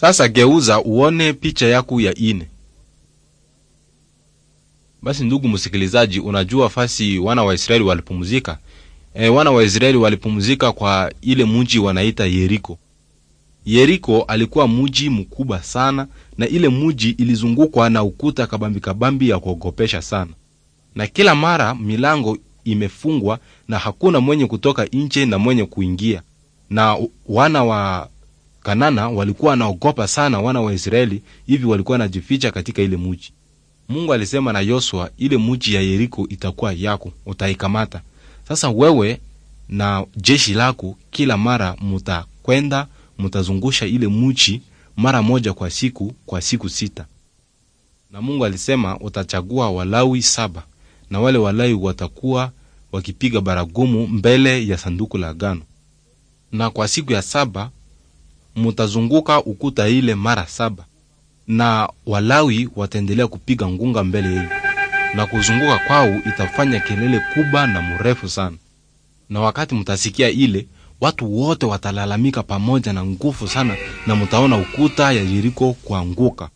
Sasa geuza uone picha yaku ya ine. Basi ndugu msikilizaji, unajua fasi wana wa Israeli walipumzika. E, wana wa Israeli walipumzika kwa ile muji wanaita Yeriko. Yeriko alikuwa muji mkubwa sana, na ile muji ilizungukwa na ukuta kabambi kabambi ya kuogopesha sana, na kila mara milango imefungwa na hakuna mwenye kutoka nje na mwenye kuingia, na wana wa Kanana walikuwa wanaogopa sana wana wa Israeli, hivi walikuwa wanajificha katika ile muji. Mungu alisema na Yosua, ile muji ya Yeriko itakuwa yako, utaikamata. Sasa wewe na jeshi lako, kila mara mutakwenda, mutazungusha ile muji mara moja kwa siku, kwa siku sita. Na Mungu alisema utachagua Walawi saba, na wale Walawi watakuwa wakipiga baragumu mbele ya sanduku la agano, na kwa siku ya saba mutazunguka ukuta ile mara saba, na Walawi wataendelea kupiga ngunga mbele yenu, na kuzunguka kwao itafanya kelele kubwa na mrefu sana. Na wakati mutasikia ile, watu wote watalalamika pamoja na nguvu sana, na mutaona ukuta ya Yeriko kuanguka.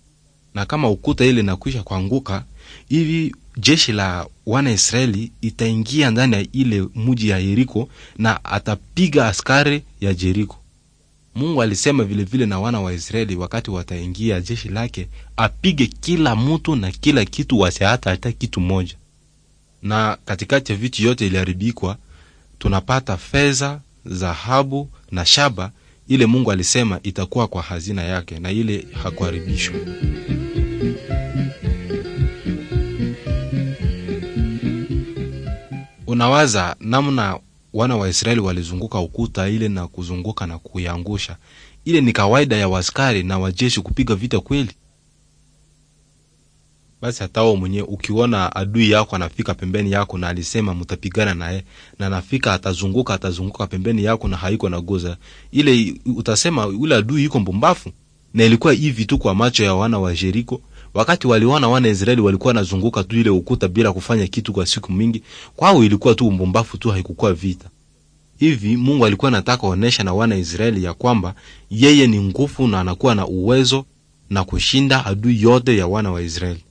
Na kama ukuta ile nakwisha kuanguka hivi jeshi la wana Israeli itaingia ndani ya ile muji ya Yeriko na atapiga askari ya Jeriko. Mungu alisema vilevile vile na wana wa Israeli wakati wataingia jeshi lake, apige kila mtu na kila kitu, wasiata hata kitu moja. Na katikati ya vitu yote iliharibikwa, tunapata fedha, dhahabu na shaba, ile Mungu alisema itakuwa kwa hazina yake, na ile hakuharibishwa. Unawaza namna wana wa Israeli walizunguka ukuta ile na kuzunguka na kuiangusha. Ile ni kawaida ya waskari na wajeshi kupiga vita kweli. Basi hata wao mwenyewe ukiona adui yako anafika pembeni yako na alisema mtapigana naye, na anafika atazunguka, atazunguka pembeni yako na haiko na goza ile, utasema ule adui yuko mbumbafu, na ilikuwa hivi tu kwa macho ya wana wa Jeriko Wakati waliona wana Israeli walikuwa nazunguka tu ile ukuta bila kufanya kitu kwa siku mingi, kwao ilikuwa tu umbumbafu tu, haikukuwa vita. Hivi Mungu alikuwa anataka onesha na wana Israeli ya kwamba yeye ni nguvu na anakuwa na uwezo na kushinda adui yote ya wana wa Israeli.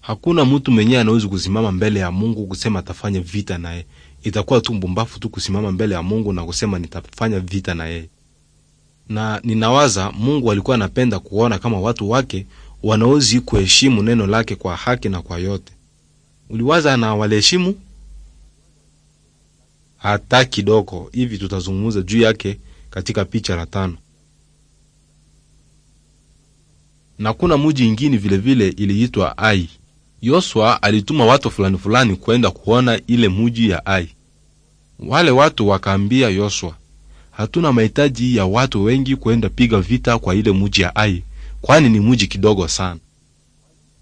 Hakuna mtu mwenyewe anaweza kusimama mbele ya Mungu kusema atafanya vita naye. Itakuwa tu mbumbafu tu kusimama mbele ya Mungu na kusema nitafanya vita na yeye. Na ninawaza Mungu alikuwa anapenda kuona kama watu wake wanaozi kuheshimu neno lake kwa haki na kwa yote. Uliwaza na waleheshimu hata kidogo? Hivi tutazungumza juu yake katika picha la tano. Na kuna muji ingine vilevile iliitwa Ai. Yoswa alituma watu fulani fulani kwenda kuona ile muji ya Ai. Wale watu wakaambia Yoswa, hatuna mahitaji ya watu wengi kwenda piga vita kwa ile muji ya Ai kwani ni mji kidogo sana.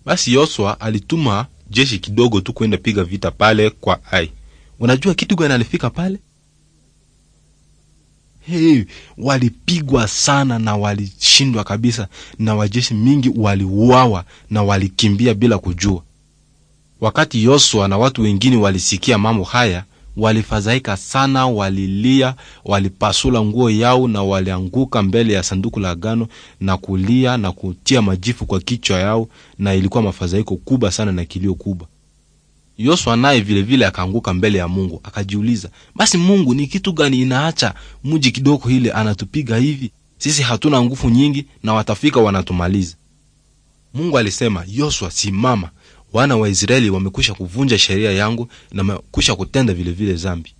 Basi Yoswa alituma jeshi kidogo tu kwenda piga vita pale kwa Ai. Unajua kitu gani alifika pale? Hey, walipigwa sana na walishindwa kabisa, na wajeshi mingi waliuawa na walikimbia bila kujua. Wakati Yosua na watu wengine walisikia mambo haya, walifadhaika sana, walilia, walipasula nguo yao na walianguka mbele ya sanduku la agano na kulia na kutia majifu kwa kichwa yao, na ilikuwa mafadhaiko kubwa sana na kilio kubwa. Yoswa naye vilevile akaanguka mbele ya Mungu akajiuliza, basi Mungu ni kitu gani inaacha muji kidogo ile anatupiga hivi? Sisi hatuna nguvu nyingi na watafika wanatumaliza. Mungu alisema, Yoswa, simama, wana wa Israeli wamekwisha kuvunja sheria yangu na wamekwisha kutenda vilevile zambi.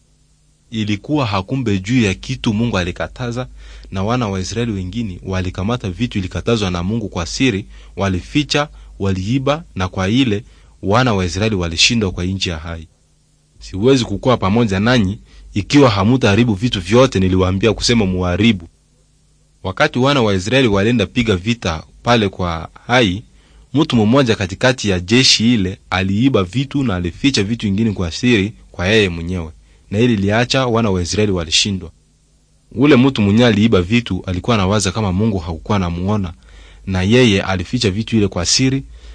Ilikuwa hakumbe juu ya kitu Mungu alikataza, na wana wa Israeli wengine walikamata vitu ilikatazwa na Mungu kwa siri, walificha, waliiba, na kwa ile wana wa Israeli walishindwa kwa nchi ya hai. Siwezi kukuwa pamoja nanyi ikiwa hamutaharibu vitu vyote niliwaambia kusema muharibu. Wakati wana wa Israeli walienda piga vita pale kwa Hai, Mtu mmoja katikati ya jeshi ile aliiba vitu na alificha vitu vingine kwa siri kwa yeye mwenyewe, na ili liacha wana wa Israeli walishindwa. Ule mtu mwenye aliiba vitu alikuwa anawaza kama Mungu hakukuwa anamuona, na yeye alificha vitu ile kwa siri